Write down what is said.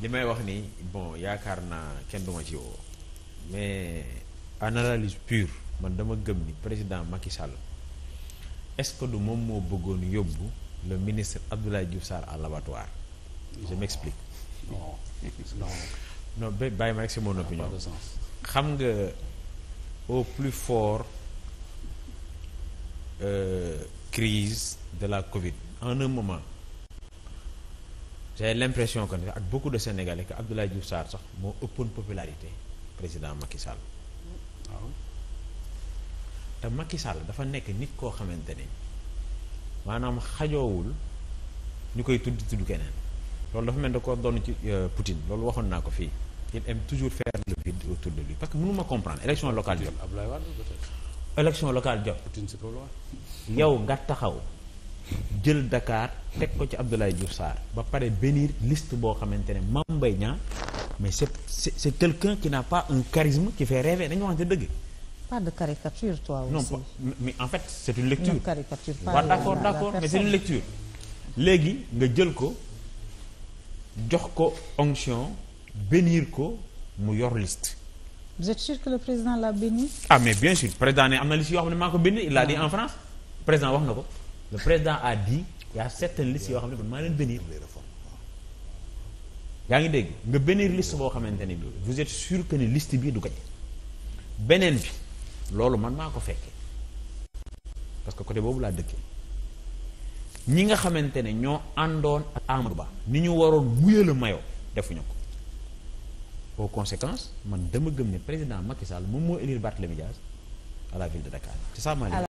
li may wax ni bon yaakaar naa kenn duma ci woo mais en analyse pure man dama gëm ni président Macky Sall est-ce que du moom moo bëggoon yóbbu le ministre Abdoulaye Diouf Sarr à l'abattoir je m'explique non ba non bàyyi ma rek c'est mon opinion xam nga au plus fort euh, crise de la Covid en un moment j'ai l'impression que ak beaucoup de Sénégalais que Abdoulaye Diouf Sarr sax moo ëppoon popularité président Macky Sall waaw te Macky dafa nekk nit koo xamante ni maanaam xajoowul ñu koy tudd tudd keneen loolu dafa mel da ko doon ci euh, Poutine loolu waxoon naa ko fii il aime toujours faire le vide autour de lui parce que mënuma comprendre élection locale jot élection locale jot yow nga taxaw jël dakaar teg ko ci Abdoulaye Diouf Sarr ba pare bénir liste boo xamante ne Mame Mbaye Niang mais c'est c'est quelqu'un qui n'a pas un charisme qui fait rêver dañu waxante dëgg pas de caricature toi no non mais en fait c'est une lecture caricature pas d'accord d'accord mais c'est une lecture léegi nga jël ko jox ko onction bénir ko mu yor liste vous êtes sûr que le président l'a béni ah mais bien sûr président ne am na liste yoo xam ne maa ko bénir il l'a dit ah. en France wax na ko le président a dit y a certaines listes yoo xam ne man maa leen bénir yaa ngi dégg nga bénir liste boo xamante ne bi vous êtes sûr que ni list bii du gañ beneen bi loolu man maa ko fekkee parce que côté boobu laa dëkkee ñi nga xamante ne ñoo àndoon ak Amadou Ba ni ñu waroon muyal a mayoo defuñu ko aux conséquences man dama gëm ne président Macky moom moo élire Barthélémy Dias à la ville de Dakar c'est ça ma